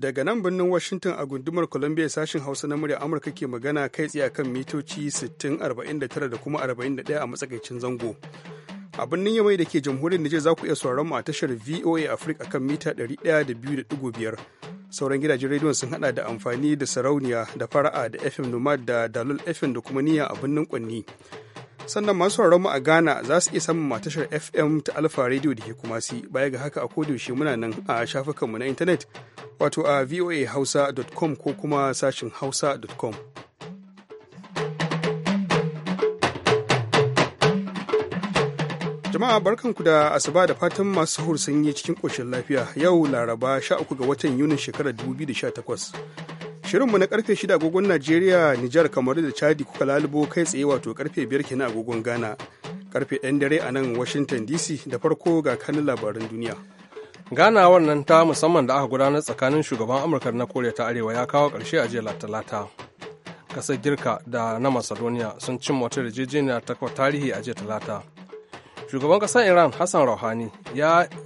daga nan birnin washington a gundumar columbia sashen hausa na murya amurka ke magana kai tsaye kan mitoci 6049 da kuma 41 a matsakaicin zango a birnin yamai da ke jamhuriyar nijar za ku iya sauraron mu a tashar voa africa kan mita 102.5 sauran gidajen rediyon sun hada da amfani da sarauniya da fara'a da fm nomad da dalol fm da kuma niyya a birnin kwanni sannan masu mu a Ghana za su iya samun matashar FM ta Alfa Radio da ke kuma si baya ga haka a kodayaushe muna nan a shafukanmu na intanet wato a voahausa.com ko kuma sashin hausa.com. Jama'a barkanku da asuba da fatan masu sahur sun yi cikin koshin lafiya yau Laraba 13 ga watan Yunin shekarar 2018. Shirinmu na karfe 6 agogon Najeriya, Nijar, kamar da Chadi kuka lalubo kai tsaye wato karfe 5 kenan agogon Ghana. Karfe 1 dare a nan Washington DC da farko ga kanin labaran duniya. Ganawar nan ta musamman da aka gudanar tsakanin shugaban Amurka na Koriya ta Arewa ya kawo karshe a jiya Talata. Kasar Girka da na Macedonia sun cimma wata yarjejeniya ta tarihi a jiya Talata. shugaban ƙasar iran hassan rouhani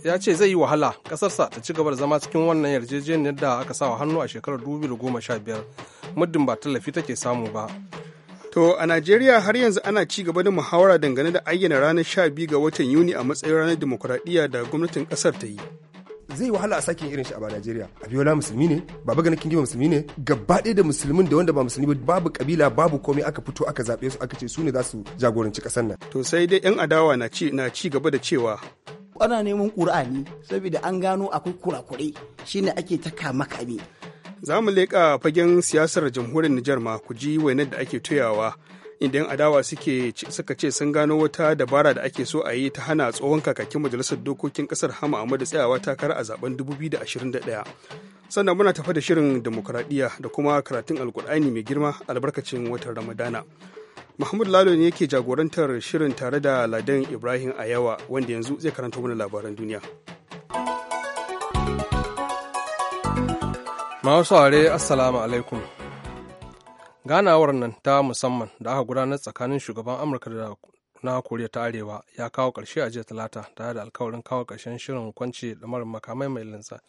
ya ce zai yi wahala ƙasarsa ta ci gaba da zama cikin wannan yarjejeniyar da aka sa wa hannu a shekarar 2015 muddin ba tallafi take samu ba To a Najeriya har yanzu ana ci gaba da muhawara dangane da ayyana ranar 12 ga watan Yuni a matsayin ranar dimokuraɗiyya da gwamnatin ƙasar ta yi. zai wahala a sake irin shi a Najeriya Abiola musulmi ne Baba Gana Kingiba musulmi ne gaba ɗaya da musulmin da wanda ba musulmi ba babu kabila babu komai aka fito aka zaɓe su aka ce su ne za su jagoranci ƙasar nan to sai dai yan adawa na ci na ci gaba da cewa ana neman ƙur'ani saboda an gano akwai kurakurai shine ake ta makami. za mu leƙa fagen siyasar jamhuriyar Nijar ma ku ji wainar da ake tuyawa. inda adawa suke suka ce sun gano wata dabara da ake so a yi ta hana tsohon kakakin majalisar dokokin kasar hama da tsayawa takara a zaben 2021 sannan muna tafa da shirin demokradiyya da kuma karatun alkur'ani mai girma albarkacin watan ramadana Mahmud Lalo ne yake jagorantar shirin tare da Ladan Ibrahim a yawa, wanda yanzu zai karanta mana labaran duniya. Masu are Assalamu alaikum. ganawar nan ta musamman da aka gudanar tsakanin shugaban amurka da na koriya ta arewa ya kawo ƙarshe a jiya talata tare da alkawarin kawo ƙarshen shirin kwanci da marin makamai mai linsa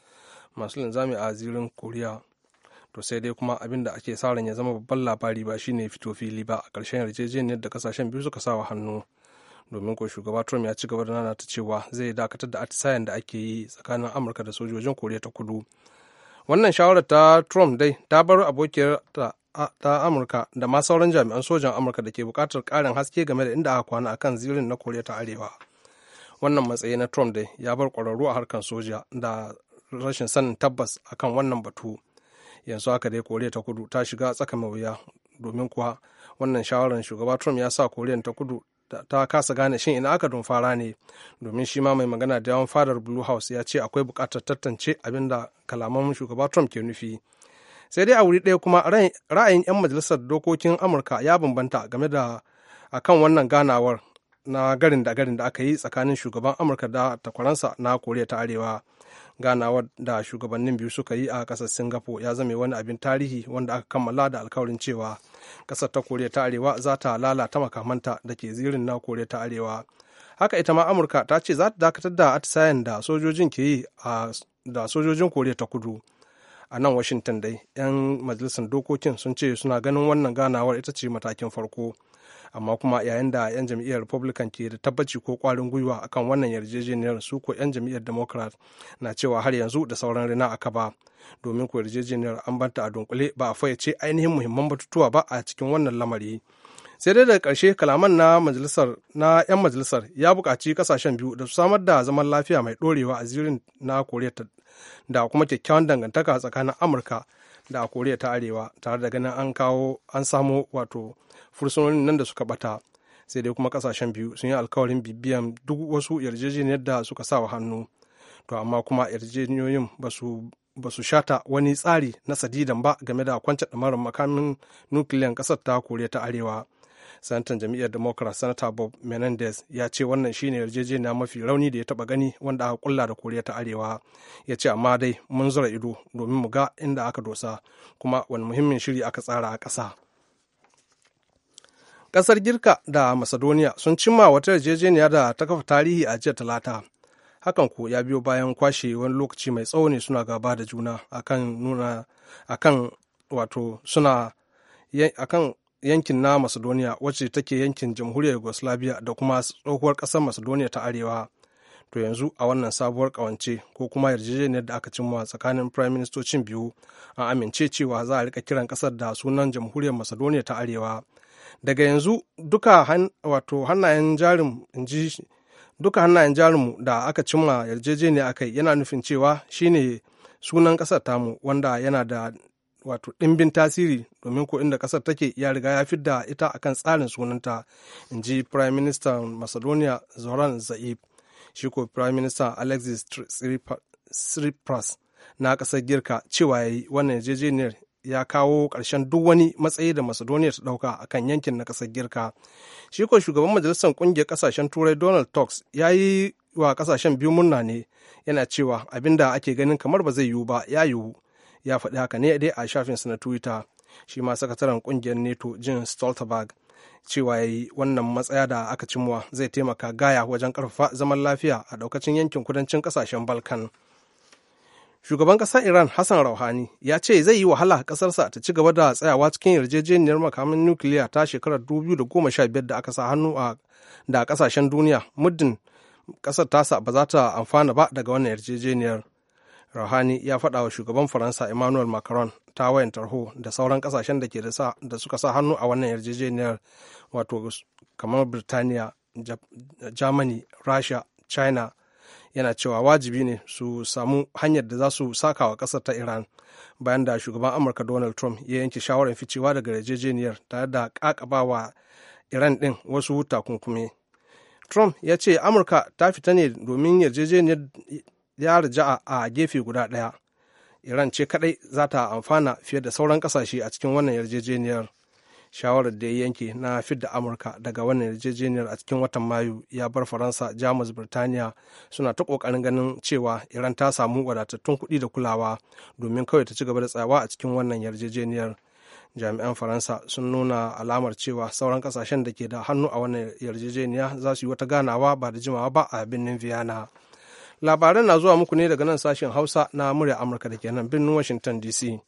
masu linzami a zirin koriya to sai dai kuma abin da ake sa ran ya zama babban labari ba shine fito fili ba a ƙarshen yarjejeniyar da kasashen biyu suka sawa hannu domin ko shugaba trump ya ci gaba da nana ta cewa zai dakatar da atisayen da ake yi tsakanin amurka da sojojin koriya ta kudu wannan shawarar ta trump dai ta bar abokiyar ta ta amurka da ma sauran jami'an sojan amurka da ke bukatar karin haske game da inda aka kwana akan zirin na koriya ta arewa wannan matsayi na trump dai ya bar kwararru a harkar soja da rashin sanin tabbas akan wannan batu yanzu haka dai koriya ta kudu ta shiga tsaka mai wuya domin kuwa wannan shawarar shugaba trump ya sa koriya ta kudu ta kasa gane shin ina aka fara ne domin shi ma mai magana da yawan fadar blue house ya ce akwai bukatar tantance abin da kalaman shugaba trump ke nufi sai dai a wuri ɗaya kuma ra'ayin 'yan majalisar dokokin amurka ya bambanta game da akan wannan ganawar na garin da garin da aka yi tsakanin shugaban amurka da takwaransa na koriya ta arewa ganawar da shugabannin biyu suka yi a kasar singapore ya zame wani abin tarihi wanda aka kammala da alkawarin cewa kasar ta koriya ta arewa za ta lalata makamanta da ke zirin na koriya ta arewa haka ita ma amurka ta ce za ta dakatar da atisayen da sojojin ke yi da sojojin koriya ta kudu a nan washington dai 'yan majalisar dokokin sun ce suna ganin wannan ganawar ita ce matakin farko amma kuma yayin da 'yan jam'iyyar republican ke da tabbaci ko kwarin gwiwa akan wannan yarjejeniyar su ko 'yan jam'iyyar democrat na cewa har yanzu da sauran rina aka ba domin ko yarjejeniyar an banta a dunkule ba a fayyace ainihin muhimman batutuwa ba a cikin wannan lamari sai dai daga karshe kalaman na majalisar na 'yan majalisar ya bukaci kasashen biyu da su samar da zaman lafiya mai dorewa a zirin na koriya ta da kuma kyakkyawan dangantaka tsakanin amurka da a koriya ta arewa tare da ganin an kawo an samo wato fursunonin nan da suka bata sai dai kuma kasashen biyu sun yi alkawarin bibiyan duk wasu yarjejeniyar da suka sa wa hannu to amma kuma yarjejeniyoyin ba su shata wani tsari na sadidan ba game da kwance ɗamarin makamin nukiliyan kasar ta koriya ta arewa sanatan jam'iyyar democrat sanata bob menendez ya ce wannan shine yarjejeniya mafi rauni da ya taba gani wanda aka kulla da koriya ta arewa ya ce amma dai mun zura ido domin mu ga inda aka dosa kuma wani muhimmin shiri aka tsara a ƙasa ƙasar girka da macedonia sun cimma wata yarjejeniya da ta kafa tarihi a jiya talata hakan ko ya biyo bayan kwashe wani lokaci mai tsawo ne suna gaba da juna akan nuna akan wato suna akan yankin na macedonia wacce take yankin jamhuriyar yugoslavia da kuma tsohuwar ƙasar macedonia ta arewa to yanzu a wannan sabuwar ƙawance ko kuma yarjejeniyar da aka cimma tsakanin prime ministocin biyu an amince cewa za a rika kiran ƙasar da sunan jamhuriyar macedonia ta arewa daga yanzu duka wato hannayen jarin inji duka hannayen jarinmu da aka cimma yarjejeniya akai yana nufin cewa shine sunan ƙasar tamu wanda yana da wato ɗimbin tasiri domin ko inda ƙasar take ya riga ya fidda ita akan tsarin sunanta in ji prime minister macedonia zoran za'ib shi ko prime minister alexis tsipras na kasar girka cewa ya yi wannan yarjejeniyar ya kawo ƙarshen duk wani matsayi da macedonia ta ɗauka akan yankin na kasar girka shi ko shugaban majalisar ƙungiyar ƙasashen turai donald tusk ya yi wa ƙasashen biyu murna ne yana cewa abin da ake ganin kamar ba zai yiwu ba ya yiwu ya faɗi haka ne dai a shafinsa na twitter shi ma sakataren kungiyar neto jin stoltenberg cewa ya yi wannan matsaya da aka cimwa zai taimaka gaya wajen karfafa zaman lafiya a ɗaukacin yankin kudancin ƙasashen balkan shugaban ƙasar iran hassan rauhani ya ce zai yi wahala ƙasarsa ta ci gaba da tsayawa cikin yarjejeniyar makamin nukiliya ta shekarar 2015 da aka sa hannu a da ƙasashen duniya muddin ƙasar tasa ba za ta amfana ba daga wannan yarjejeniyar Rouhani ya faɗa wa shugaban Faransa Emmanuel Macron ta wayan tarho da sauran kasashen da ke da suka sa hannu a wannan yarjejeniyar wato kamar Birtaniya, Germany, Russia, China yana cewa wajibi ne su samu hanyar da za su sakawa wa ƙasar ta Iran bayan da shugaban Amurka Donald Trump ya yanke shawarar ficewa daga yarjejeniyar tare da ƙaƙabawa Iran ɗin wasu takunkumi. Trump ya ce Amurka ta fita ne domin yarjejeniyar ya rija a gefe guda ɗaya iran ce kaɗai za ta amfana fiye da sauran ƙasashe a cikin wannan yarjejeniyar shawarar da ya yanke na da amurka daga wannan yarjejeniyar a cikin watan mayu ya bar faransa jamus birtaniya suna ta kokarin ganin cewa iran ta samu wadatattun kuɗi da kulawa domin kawai ta ci gaba da tsawa a cikin wannan yarjejeniyar jami'an faransa sun nuna alamar cewa sauran kasashen da ke da hannu a wannan yarjejeniya za su yi wata ganawa ba da jimawa ba a birnin vienna labaran na zuwa muku ne daga nan sashen hausa na murya amurka da ke nan birnin washington dc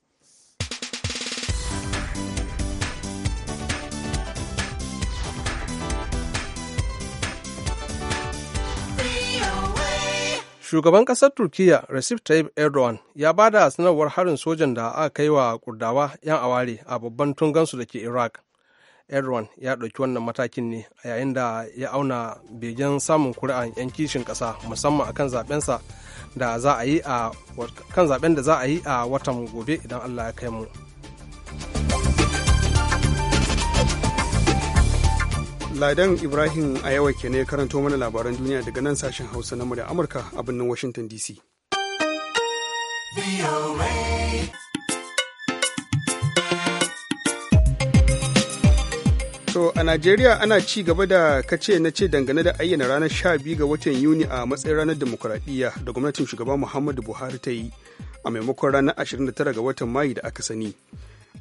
shugaban ƙasar turkiya recep tayyip erdogan ya ba da sanarwar harin sojan da aka kai wa kurdawa 'yan aware a babban tungansu da ke iraq erdogan ya ɗauki wannan matakin ne a yayin da ya auna begen samun kuri'an 'yan kishin ƙasa musamman a kan zaɓen da za a yi a watan gobe idan allah ya kai mu ladan ibrahim a yawa ke ne karanto mana labaran duniya daga nan sashen hausa na murya amurka a birnin washington dc To a Najeriya ana ci gaba da kace na ce dangane da ayyana ranar 12 ga watan Yuni a matsayin ranar demokuraɗiyya da gwamnatin shugaba Muhammadu Buhari ta yi a maimakon ranar 29 ga watan Mayu da aka sani.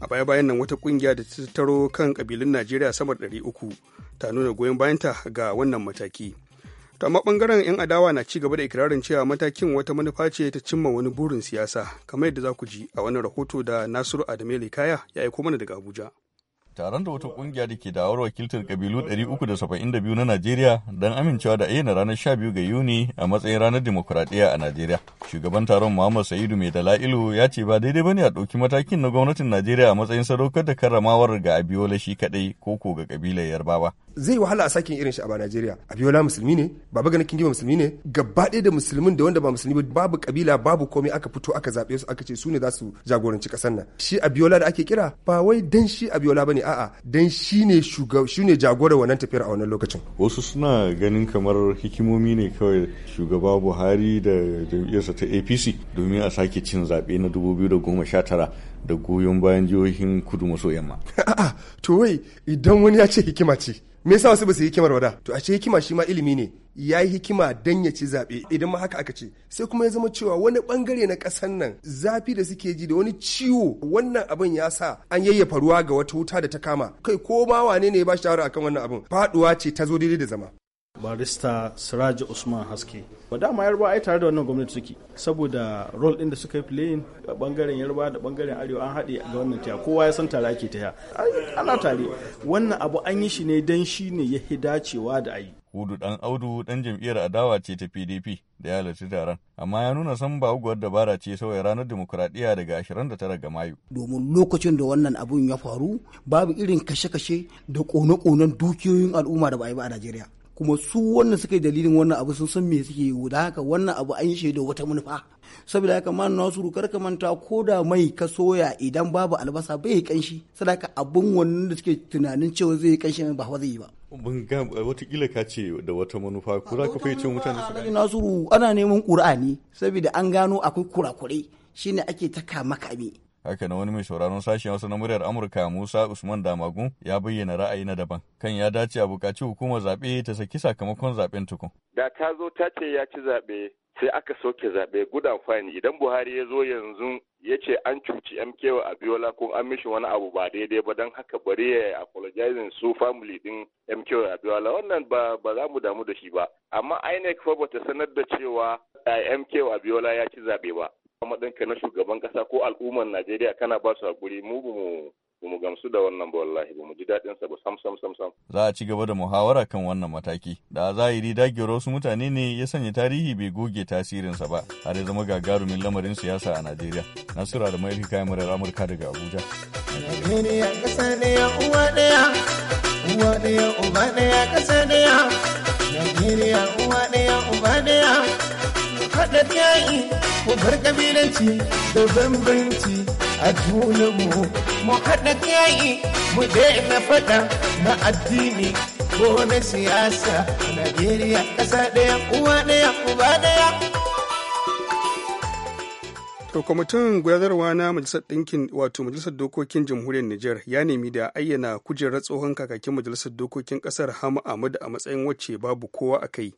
A baya-bayan nan wata kungiya da ta taro kan kabilun Najeriya sama da 300 ta nuna goyon bayanta ga wannan mataki. To amma bangaren 'yan adawa na ci gaba da ikirarin cewa matakin wata manufa ce ta cimma wani burin siyasa kamar yadda za ku ji a wani rahoto da Nasiru Adamele Kaya ya aiko mana daga Abuja. taron da wata kungiya da ke dawar wakiltar kabilu 372 na Najeriya don amincewa da ayyana ranar 12 ga Yuni a matsayin ranar demokuraɗiyya a Najeriya. Shugaban taron Muhammad Sa'idu Mai Dala'ilu ya ce ba daidai bane a ɗauki matakin na gwamnatin Najeriya a matsayin sadaukar da karramawar ga Abiola shi kaɗai ko ko ga kabilar Yarbawa. Zai wahala a sakin irin shi a Najeriya. Abiola musulmi ne, Baba ganin Kingiba musulmi ne, gaba ɗaya da musulmin da wanda ba musulmi babu kabila babu komai aka fito aka zaɓe su aka ce su ne za su jagoranci ƙasar nan. Shi Abiola da ake kira ba wai dan shi Abiola ne a'a dan shine shugaba shine jagora wannan tafiyar a wannan lokacin wasu suna ganin kamar hikimomi ne kawai shugaba Buhari da jam'iyyarsa ta APC domin a sake cin zaɓe na 2019 da goyon bayan jihohin kudu maso yamma a'a to wai idan wani ya ce hikima ce me yasa wasu ba su yi hikimar wada to a ce hikima shi ma ilimi ne ya yi hikima dan ya ci zaɓe idan ma haka aka ce sai kuma ya zama cewa wani bangare na ƙasar nan zafi da suke ji da wani ciwo wannan abin ya sa an yayyafa ruwa ga wata wuta da ta kama kai ko ma wane ne ya ba shawara akan wannan abin faɗuwa ce ta zo daidai da zama barista siraji usman haske ba dama yarba ai tare da wannan gwamnati suke saboda rol din da suka yi playing a bangaren yarba da bangaren arewa an haɗe ga wannan taya kowa ya san tare ake taya ana tare wannan abu an yi shi ne dan shi ne ya dacewa da ayi hudu dan audu dan jam'iyyar adawa ce ta pdp da ya halarci taron amma ya nuna san ba uguwar dabara ce sauya ranar demokuraɗiyya daga 29 ga mayu domin lokacin da wannan abun ya faru babu irin kashe-kashe da kone-konen dukiyoyin al'umma da ba a yi ba a najeriya kuma su wannan suka yi dalilin wannan abu sun san me suke yi da haka wannan abu an yi da wata manufa saboda haka man nasuru kar ka manta ko da mai ka soya idan babu albasa bai yi kanshi saboda abun wannan da suke tunanin cewa zai yi kanshi ba zai yi ba ban ga watakila ka ce da wata manufa ko za ka fahimci mutane su nasuru ana neman qur'ani saboda an gano akwai kurakurai shine ake taka makami haka na wani mai sauraron sashen wasu na muryar amurka musa usman damagun ya bayyana ra'ayi na daban kan ya dace a bukaci hukumar zaɓe ta saki sakamakon zaɓen tukun da ta zo ta ce ya ci zaɓe sai aka soke zaɓe guda amfani idan buhari ya zo yanzu ya ce an cuci mkewa a biola ko an mishi wani abu ba daidai ba don haka bari ya apologizing su family din mkewa a biola wannan ba za mu damu da shi ba amma inec fa bata sanar da cewa eh, mkewa a biola ya ci zaɓe ba ka na shugaban ƙasa ko al'ummar Najeriya kana ba su haƙuri mu mu mu gamsu da wannan ba wallahi ba mu ji daɗin sa ba sam sam sam Za a ci gaba da muhawara kan wannan mataki da a zahiri dagewar wasu mutane ne ya sanya tarihi bai goge tasirin sa ba har ya zama gagarumin lamarin siyasa a Najeriya. Nasura da mai kai murar Amurka daga Abuja. Najeriya uwa ɗaya uba Najeriya uwa ɗaya faɗaɗ yaƙi mu bar ƙabilanci da bambanci a junanmu mu haɗaɗ yaƙi mu daina faɗa na addini ko na siyasa Najeriya ƙasa ɗaya uwa ɗaya uba ɗaya. To kwamitin gudanarwa na Majalisar Ɗinkin wato Majalisar Dokokin Jamhuriyar Nijar ya nemi da ayyana kujerar tsohon kakakin Majalisar Dokokin ƙasar Hama Ahmad a matsayin wacce babu kowa a kai.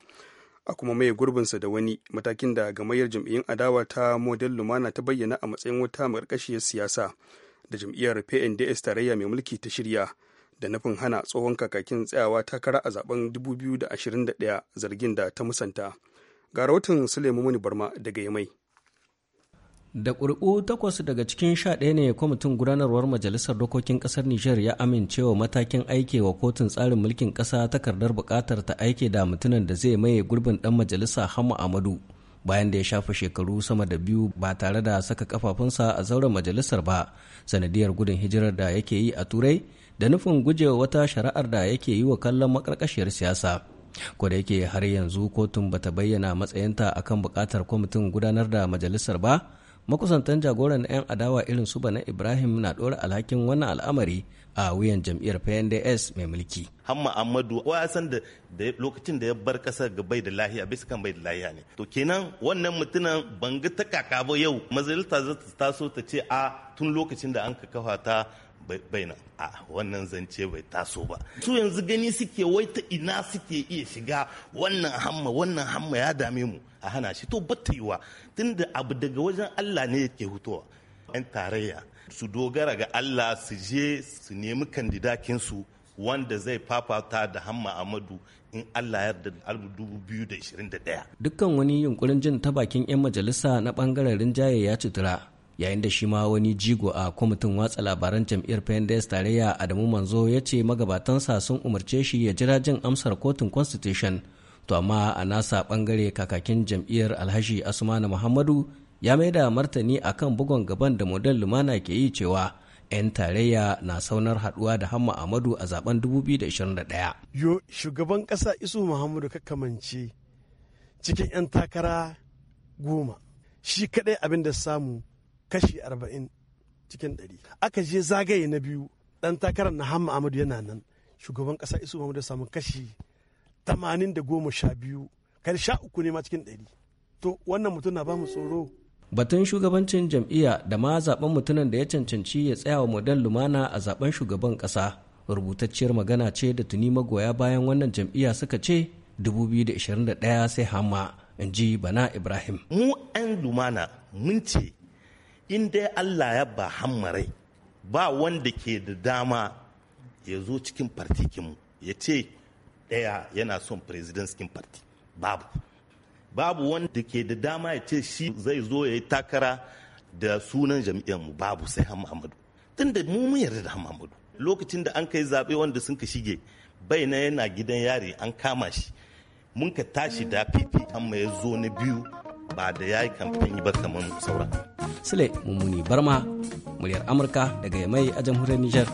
a kuma mai gurbinsa da wani matakin da gamayyar jam'iyyun adawa ta model lumana ta bayyana a matsayin wata markashiyar siyasa da jam'iyyar pnds tarayya mai mulki ta shirya da nufin hana tsohon kakakin tsayawa takara a zaben 2021 zargin da ta musanta ga rahoton suleiman barma daga yamai da ƙuri'u takwas daga cikin sha ɗaya ne kwamitin gudanarwar majalisar dokokin ƙasar nijar ya amincewa matakin aike wa kotun tsarin mulkin ƙasa takardar buƙatar ta aike da mutumin da zai maye gurbin ɗan majalisa hamma amadu bayan da ya shafa shekaru sama da biyu ba tare da saka kafafunsa a zauren majalisar ba sanadiyar gudun hijirar da yake yi a turai da nufin gujewa wata shari'ar da yake yi wa kallon makarkashiyar siyasa ko da yake har yanzu kotun bata bayyana matsayinta akan buƙatar kwamitin gudanar da majalisar ba makusantan jagoran 'yan adawa irin su bana ibrahim na ɗora alhakin wannan al'amari a wuyan jam'iyyar pnds mai mulki hamma amadu wa san da lokacin da ya bar kasar ga bai da lahiya bisa kan bai da lahiya ne to kenan wannan mutumin banga ta kaka ba yau majalita za ta taso ta ce a tun lokacin da an ka kafa ta baina a wannan zance bai taso ba su yanzu gani suke wai ta ina suke iya shiga wannan hamma wannan hamma ya dame mu a hana shi to bata yiwa tunda abu daga wajen Allah ne yake hutowa yan tarayya su dogara ga Allah su je su nemi kandidakin su wanda zai fafata da hamma amadu in allah yarda da daya. dukkan wani yunkurin jin ta bakin 'yan majalisa na bangaren rinjaye ya cutura yayin da shi ma wani jigo a kwamitin watsa labaran jam'iyyar pnds tarayya adamu manzo ya ce magabatansa sun umarce shi ya jira jin amsar kotun constitution to amma a nasa bangare kakakin jam'iyyar alhaji asmana muhammadu ya mai da martani akan bugon gaban da model lumana ke yi cewa 'yan tarayya na saunar haduwa da hamma amadu a zaben 2021 yo shugaban kasa isu muhammadu kakamance cikin 'yan takara goma shi kadai abin da samu kashi arba'in cikin 100 aka je zagaye na biyu dan takarar na hamma amadu yana nan shugaban ƙasa isu da samu kashi tamanin da goma sha uku ne ma cikin ɗari to wannan mutum na bamu tsoro batun shugabancin jam'iyya da ma zaben mutumin da ya cancanci ya tsaya wa modan lumana a zaben shugaban kasa rubutacciyar magana ce da tuni magoya bayan wannan jam'iyya suka ce 2021 sai hamma in ji bana ibrahim mu 'yan lumana mun ce in dai allah ya ba hammarai ba wanda ke da dama ya zo cikin mu ya ce ɗaya yana son president cikin parti babu babu wanda ke da dama ya ce shi zai zo ya yi takara da sunan mu babu sai hamamadu tun da mu mun yarda da hamamadu lokacin da an kai zaɓe wanda sun ka shige bai na yana gidan yari an kama shi mun ka tashi da pp amma ya zo na biyu ba da ya yi kamfani ba kamar sauran Sule Mummuni Barma, muryar Amurka daga Yamai a jamhuriyar Nijar.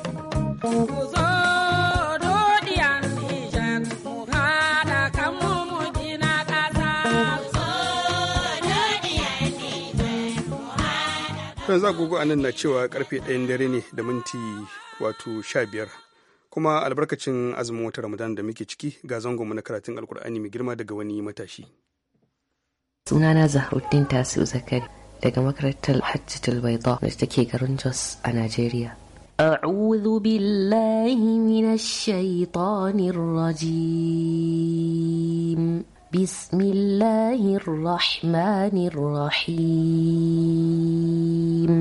yanzu agogo a nan na cewa karfe ɗayan dare ne da minti wato sha biyar kuma albarkacin azumin wata ramadan da muke ciki ga zangonmu na karatun alkur'ani mai girma daga wani matashi sunana zahruddin tasiru zakari daga makarantar hajjatul baida da take garin jos a najeriya أعوذ بالله من الشيطان الرجيم بسم الله الرحمن الرحيم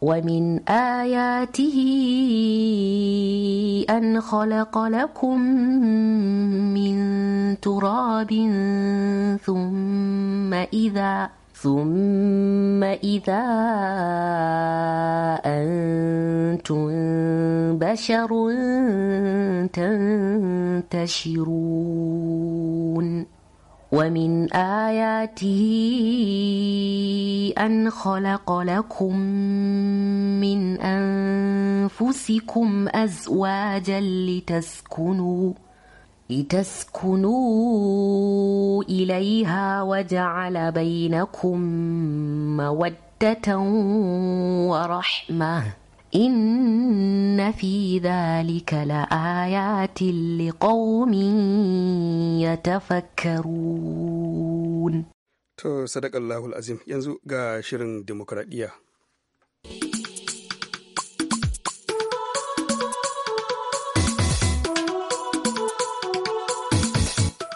ومن آياته أن خلق لكم من تراب ثم إذا ثم إذا أنتم بشر تنتشرون ومن آياته أن خلق لكم من أنفسكم أزواجا لتسكنوا لتسكنوا إليها وجعل بينكم مودة ورحمة إن في ذلك لآيات لقوم يتفكرون. To, sadakallahu al'azim yanzu ga shirin demokradiyya.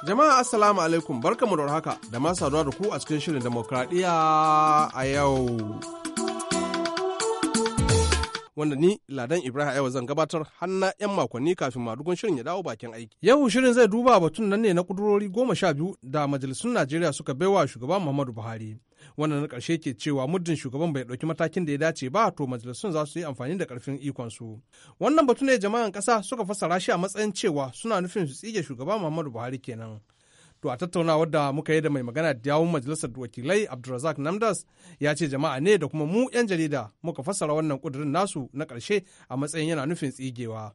Jama'a Assalamu alaikum barkamu da haka da masu saduwa da ku a cikin shirin demokradiyya a yau. Wanda ni Ladan Ibrahim yau zan gabatar hanna 'yan makonni kafin madugun shirin ya dawo bakin aiki. Yau shirin zai duba batun nan ne na kudurori goma sha biyu da majalisun Najeriya suka baiwa shugaba Muhammadu Buhari. wannan na ƙarshe ke cewa muddin shugaban bai ɗauki matakin da ya dace ba to majalisun za su yi amfani da ƙarfin ikonsu wannan batu ne jama'an ƙasa suka fassara shi a matsayin cewa suna nufin su tsige shugaba muhammadu buhari kenan to a tattaunawar da muka yi da mai magana da yawun majalisar wakilai abdulrazak namdas ya ce jama'a ne da kuma mu 'yan jarida muka fassara wannan kudirin nasu na ƙarshe a matsayin yana nufin tsigewa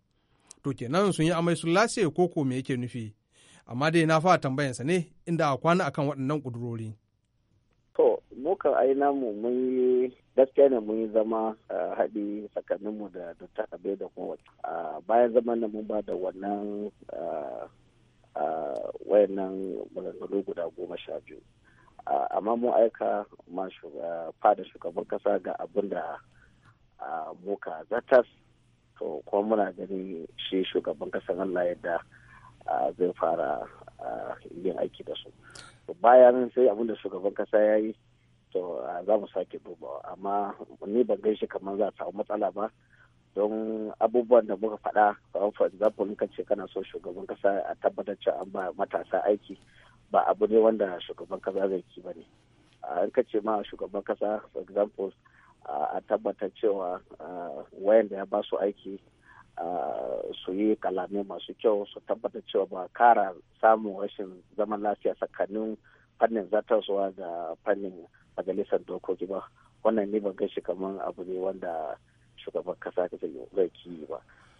to kenan sun yi amai sun ko ko me yake nufi amma dai na fara tambayansa ne inda a kwana akan waɗannan ƙudurori. muka aina mu mun yi gaskiya ne mun yi zama haɗi tsakaninmu da dr abe da kuma bayan zaman da mun ba da wannan wayannan maganganu guda goma sha biyu amma mun aika ma fada shugaban kasa ga abin da muka zatas to kuma muna gani shi shugaban kasan allah yadda zai fara yin aiki da su bayan sai abin da shugaban kasa ya yi to ah, za mu sake dubawa amma ni ban gaishe kamar za a samu matsala ba don abubuwan da muka faɗa for example ka ce kana so shugaban kasa a tabbatar cewa an ba matasa aiki ba abu ne wanda shugaban kasa zai ki ba ne an ah, ka ce ma shugaban kasa for example ah, a tabbatar cewa wayan da ya ba su aiki su yi kalame masu kyau su tabbatar cewa ba kara samun rashin zaman lafiya tsakanin fannin zartaswa da fannin majalisar dokoki ba wannan ne ban shi kamar abu ne wanda shugaban kasa zai ki ba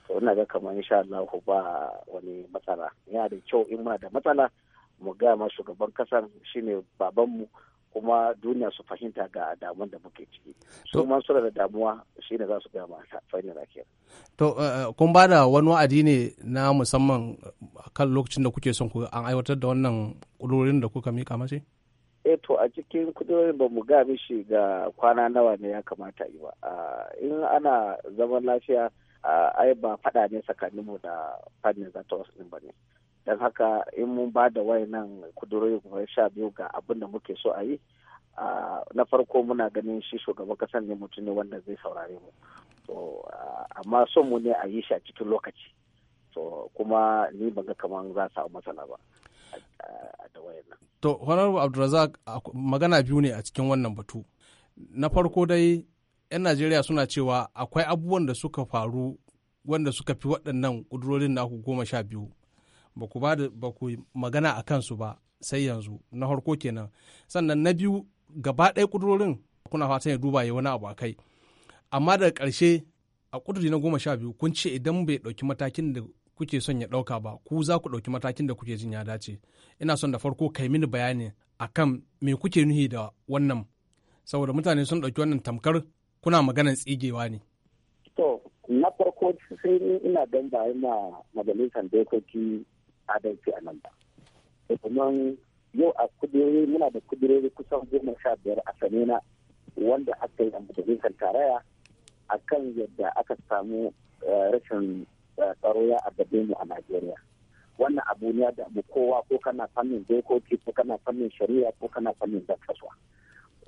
to ina ga kamar insha Allah ba wani matsala yana da kyau in muna da matsala mu ga ma shugaban kasar shine mu kuma duniya su fahimta ga damuwan da muke ciki so ma suna da damuwa shine za su ga ma fahimta lafiya to eh, eh, kun ba da wani wa'adi ne na musamman kan lokacin da kuke son ku an aiwatar da wannan kudurorin da kuka mika mace eh to a cikin kudurorin ba mu ga mishi ga kwana nawa ne ya kamata yi ba in ana zaman lafiya ai ba fada ne tsakanin mu da fannin zata wasu ba ne don haka in mun ba da wayannan kudurorin kuma sha biyu ga abin da muke so a yi na farko muna ganin shi shugaban kasar ne mutum ne wanda zai saurare mu so amma son mu ne a yi shi a cikin lokaci to kuma ni ban ga kamar za su matsala ba da To, Honorable Abdulrazak magana biyu ne a cikin wannan batu. Na farko dai, 'yan Najeriya suna cewa akwai abubuwan da suka faru wanda suka fi waɗannan ƙudurorin naku goma sha biyu. Ba ku magana a kansu ba sai yanzu na farko kenan. Sannan na biyu gaba ɗaya ƙudurorin kuna fatan ya duba ya wani abu a kai. Amma daga ƙarshe a ƙuduri na goma sha biyu kun ce idan bai ɗauki matakin da kuke son ya ɗauka ba ku za ku ɗauki matakin da kuke jin ya dace ina son da farko kai mini bayani akan me kuke nuhi da wannan saboda mutane sun ɗauki wannan tamkar kuna maganan tsigewa ne to na farko sai ina dan bayan ina majalisar dokoki adalci a nan ba domin yau a kudurori muna da kudurori kusan goma sha biyar a sanina wanda aka yi a majalisar tarayya akan yadda aka samu eh, rashin tsaro ya gabe mu a Najeriya. Wannan abu ne da mu kowa ko kana fannin dokoki ko kana fannin shari'a ko kana fannin zakaswa.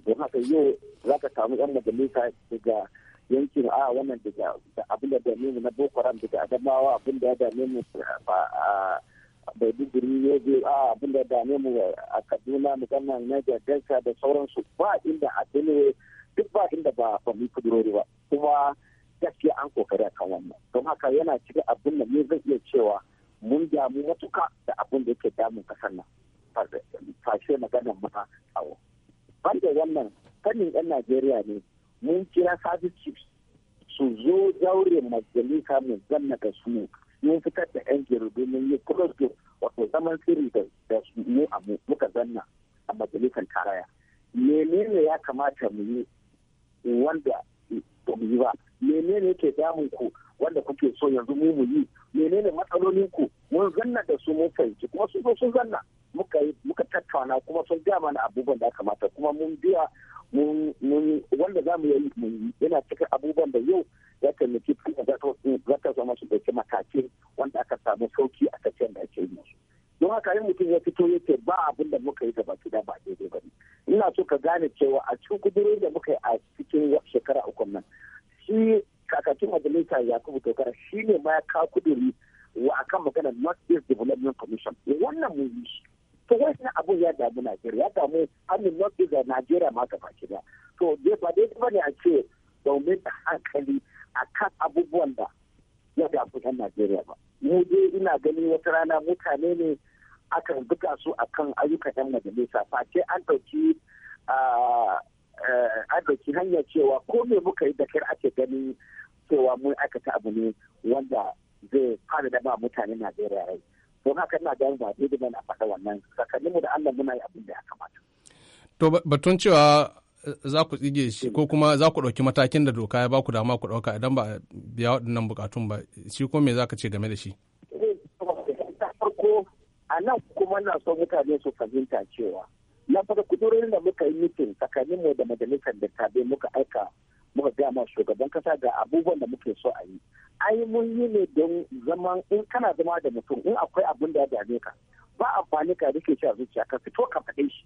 Don haka yau za ka samu 'yan majalisa daga yankin a wannan daga abin da dame mu na Boko Haram daga Adamawa abin da ya dame mu a Maiduguri Yobe a abin da ya dame mu a Kaduna musamman Niger Delta da sauransu ba inda a Benue duk ba inda ba ba kudurori ba kuma gaskiya an kokari a kan wannan don haka yana cikin abin da ne zan iya cewa mun damu matuka da abin da yake damun kasar nan fashe maganar ma ban da wannan kanin yan najeriya ne mun kira service chiefs su zo daure majalisa mu zanna da su mun fitar da yan girbi mun yi kurodo wato zaman sirri da su mu a muka zanna a majalisar taraya menene ya kamata mu yi wanda ba mu yi ba menene yake damun ku wanda kuke so yanzu mu mu yi menene matsalolin ku mun zanna da su mun fahimci kuma sun zo sun zanna muka muka tattauna kuma sun ga mana abubuwan da kamata kuma mun biya mun wanda za mu yi mun yi yana cikin abubuwan da yau ya taimaki za ta zama su dauki matakin wanda aka samu sauki a tafiyar da ake yi don haka yin mutum ya fito yake ba abin da muka yi gaba da ba daidai ba ina so ka gane cewa a cikin kudurin da muka yi a cikin shekara uku nan shi kakakin majalisa yakubu tokara shi ne ma ya kawo kuduri wa akan magana north east development commission wannan mun yi shi to wai na abun ya damu najeriya ya damu amin north east da najeriya ma gaba da to ba daidai ba ne a ce domin da hankali a kan abubuwan da ya damu yan najeriya ba gani wata rana mutane ne akan buga su a kan ayyukan 'yan majalisa face an ɗauki an ɗauki hanyar cewa ko me muka yi da kar ake gani cewa mun aikata abu ne wanda zai fara da ba mutane zai rai. Don haka ina ganin ba daidai bane na faɗa wannan mu da Allah muna yi abin da ya kamata. To batun cewa eh, za ku tsige shi ko kuma za ku ɗauki matakin da doka ya ba ku dama ku ɗauka idan ba biya waɗannan bukatun ba shi ko me za ka ce game da shi? a nan kuma na so mutane su fahimta cewa na fara kudurorin da muka yi mitin tsakanin mu da majalisar tabe muka aika muka ma shugaban kasa ga abubuwan da muke so a yi ai mun yi ne don zaman in kana zama da mutum in akwai abin da ya dame ka ba amfani ka rike shi a zuciya ka fito ka faɗe shi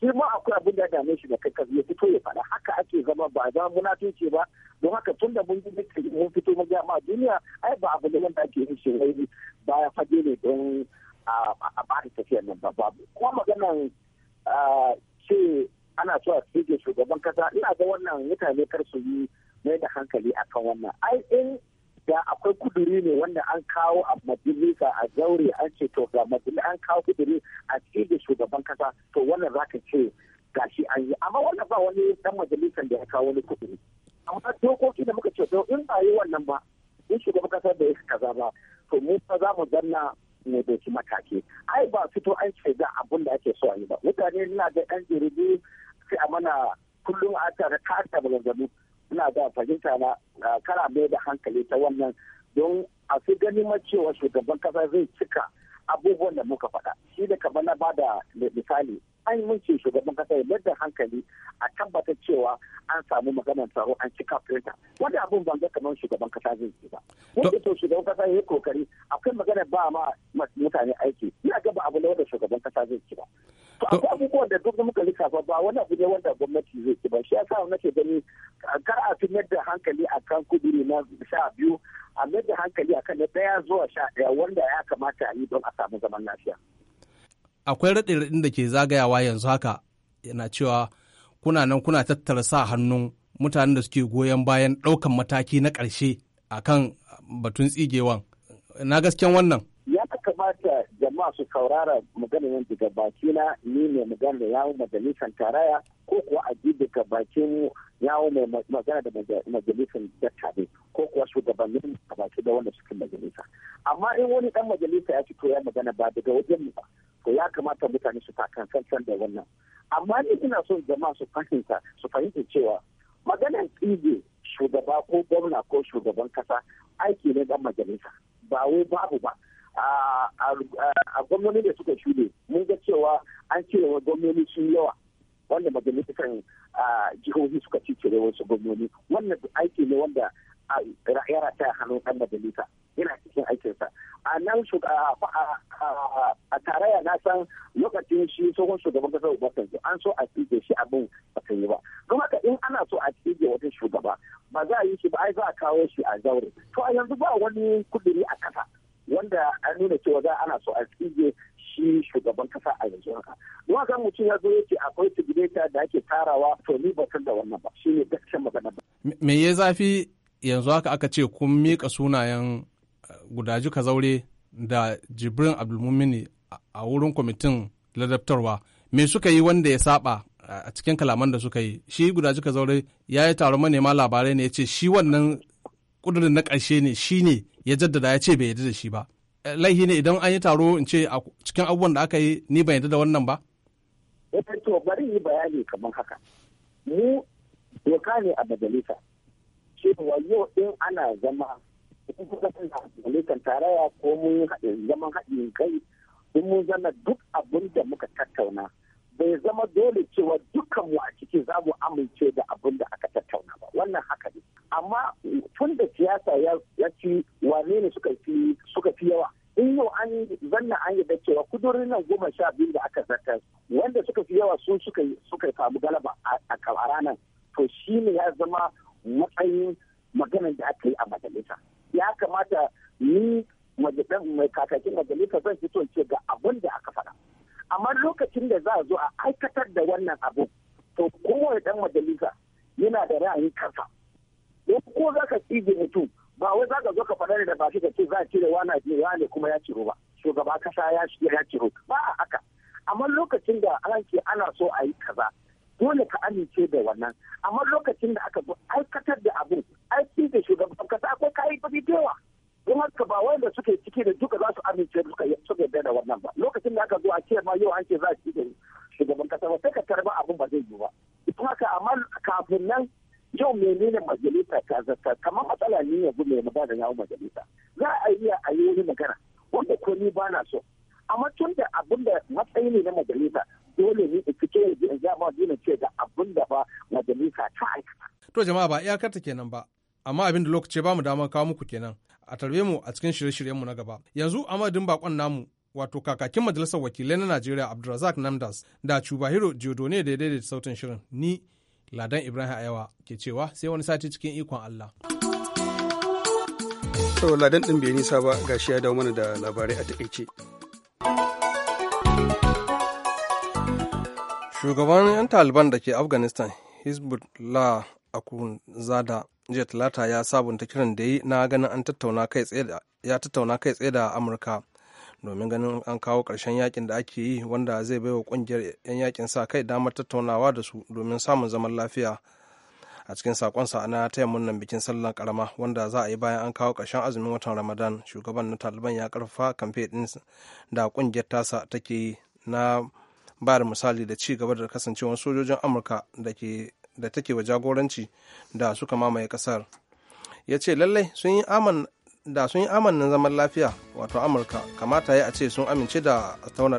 shi ma akwai abin da ya dame shi da kai ka ya fito ya faɗa haka ake zama ba zama munafici ba don haka tun da mun yi mun fito mun ma duniya ai ba abu da ake yin shi ba ya fage ne don a bari tafiyar nan ba babu kuma maganan ce ana so a tsige shugaban kasa ina ga wannan mutane kar su yi mai da hankali akan wannan ai in da akwai kuduri ne wanda an kawo a majalisa a zaure an ce to ga majalisa an kawo kuduri a tsige shugaban kasa to wannan zaka ce gashi an yi amma wannan ba wani dan majalisar da ya kawo wani kuduri amma dokoki da muka ce to in ba yi wannan ba in shugaban kasa da ya kaza ba to mu fa za mu zanna ne da su matake ai ba fito an ce ga abun da ake so a yi ba mutane na da ɗan jirgi sai a mana kullum a tare kasa maganganu ina da fahimta na kara mai da hankali ta wannan don a fi ganin ma cewa shugaban kasa zai cika abubuwan da muka faɗa shi da kamar na bada misali ainihin shugaban kasa ya mayar da hankali a tabbatar cewa an samu maganar tsaro an cika fita wanda abun ban ga kamar shugaban kasa zai ci ba wanda to shugaban kasa ya yi kokari akwai maganar ba ma mutane aiki ina ga ba abu ne wanda shugaban kasa zai ci ba to akwai abubuwan da duk muka lissafa ba wani abu ne wanda gwamnati zai ci ba shi yasa nake gani kar a fi da hankali akan kudiri na sa biyu a da hankali akan na daya zuwa sha daya wanda ya kamata a yi don a samu zaman lafiya akwai raɗe-raɗin da ke zagayawa yanzu haka yana cewa kuna nan kuna tattara sa hannun mutanen da suke goyon bayan ɗaukan mataki na ƙarshe a kan batun tsigewan na gasken wannan ya kamata jama'a su saurara maganar daga bakina ni ne maganar yawon majalisar taraya ko kuwa a ji daga bakin yawo mai magana da majalisar dattabe ko kuwa shugabannin a baki da wanda suke majalisa amma in wani dan majalisa ya fito ya magana ba daga wajen ba to ya kamata mutane su takan kankan da wannan amma ni ina so jama'a su fahimta su fahimta cewa maganar tsige shugaba ko gwamna ko shugaban kasa aiki ne dan majalisa ba wai babu ba a gwamnoni da suka shuɗe mun ga cewa an ce wa gwamnoni sun yawa wanda majalisa kan jihohi suka ci cire wasu gwamnoni wannan aiki ne wanda ya rata a hannun ɗan majalisa yana cikin aikinsa a nan a tarayya na san lokacin shi tsohon shugaban kasar Obasanjo an so a tsige shi abin ba ta yi ba kuma ka in ana so a tsige wata shugaba ba za a yi shi ba ai za a kawo shi a zaure to a yanzu ba wani kuduri a kasa wanda an nuna cewa za ana so a tsige shi shugaban kasa a yanzu haka kuma kan mutum ya zo ya ce akwai tigireta da ake tarawa to ni ba da wannan ba ne gaskiyar magana ba me ya zafi yanzu haka aka ce kun miƙa sunayen eh, gudaji kazaure da jibrin abdulmumini a wurin kwamitin ladabtarwa me suka yi wanda ya saba a cikin kalaman da suka yi shi gudaji kazaure ya yi taron manema labarai ne ya ce shi wannan kudurin na ƙarshe ne shi ne ya jaddada ya ce bai yarda da shi ba eh, laihi ne idan an yi taro in ce a cikin abubuwan da aka yi ni ban yarda da wannan ba eh, to bari yi bayani kamar haka mu doka ne a majalisa cewa yau in ana zama in kuma kan tarayya ko mun zaman haɗin kai in mun zama duk abin da muka tattauna bai zama dole cewa dukkan mu a ciki za mu amince da abin da aka tattauna ba wannan haka ne amma tun da siyasa ya ci wane ne suka fi yawa in yau an zanna an yi da cewa kudurin nan goma sha biyu da aka zartar wanda suka fi yawa su suka samu galaba a ranar to shi ne ya zama matsayin maganar da aka yi a majalisa ya kamata ni mai kakakin majalisa zan fito ce ga abin da aka faɗa amma lokacin da za a zo a aikatar da wannan abu to kowane dan majalisa yana da ra'ayin kansa don ko za ka tsige mutum ba wai za ka zo ka faɗa da ba shi ka ce za a cire wani ne kuma ya ciro ba shugaba kasa ya ciro ba a haka amma lokacin da an ce ana so a yi kaza dole ka amince da wannan amma lokacin da aka aikatar da abu aiki da shugaban kasa akwai kayi kafi da yawa don haka ba wanda suke ciki da duka za su amince suka suka yarda da wannan ba lokacin da aka zo a ce ma yau an ce za su da shugaban kasa ba sai ka tarba abun ba zai yi ba don haka amma kafin nan yau menene majalisa ta zata kamar matsala ne ya ba da yawon majalisa za a iya a yi wani magana wanda ko ni ba na so amma tun da abin da matsayi ne na majalisa dole ne in fito yanzu in ga ma ce ga abin da ba majalisa ta aikata. To jama'a ba iyakar ta kenan ba. Amma abin da lokaci ba mu damar kawo muku kenan. A tarbe mu a cikin shirye-shiryenmu na gaba. Yanzu a madadin bakon namu wato kakakin majalisar wakilai na Najeriya Abdulrazak Namdas da Chubahiro Jodone da daidaita sautin shirin ni Ladan Ibrahim Ayawa ke cewa sai wani sati cikin ikon Allah. To Ladan ɗin bai nisa ba gashi ya dawo mana da labarai a takaice. shugaban 'yan taliban da ke afghanistan hezbollah zada jiya talata ya sabunta kiran da yi na ganin an tattauna kai tsaye da ya tattauna kai tsaye da amurka domin ganin an kawo ƙarshen yakin da ake yi wanda zai baiwa ƙungiyar 'yan yakin sa kai damar tattaunawa da su domin samun zaman lafiya a cikin sakonsa na taya murnan bikin sallar karama wanda za a yi bayan an kawo ƙarshen azumin watan ramadan shugaban na taliban ya karfafa kamfe ɗin da ƙungiyar tasa take yi na ba da misali da ci gaba da kasancewar sojojin amurka da take wa jagoranci da suka mamaye kasar ya ce lallai sun yi da sun yi amannin zaman lafiya wato amurka kamata ya a ce sun amince da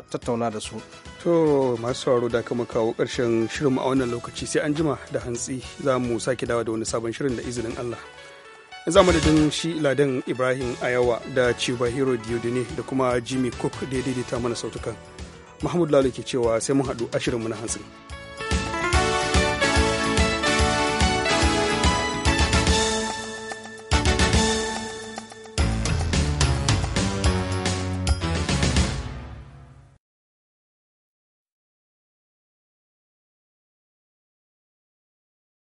tattauna da su to masu sauraro da kama kawo karshen shirin a wannan lokaci sai an jima da hantsi za mu sake dawa da wani sabon shirin da izinin allah za mu don shi ladan ibrahim ayawa da ciba hero diodine da kuma jimmy cook da daidaita mana sautukan Mahmud Lalo ke cewa sai mun haɗu ashirin mu na hantsi.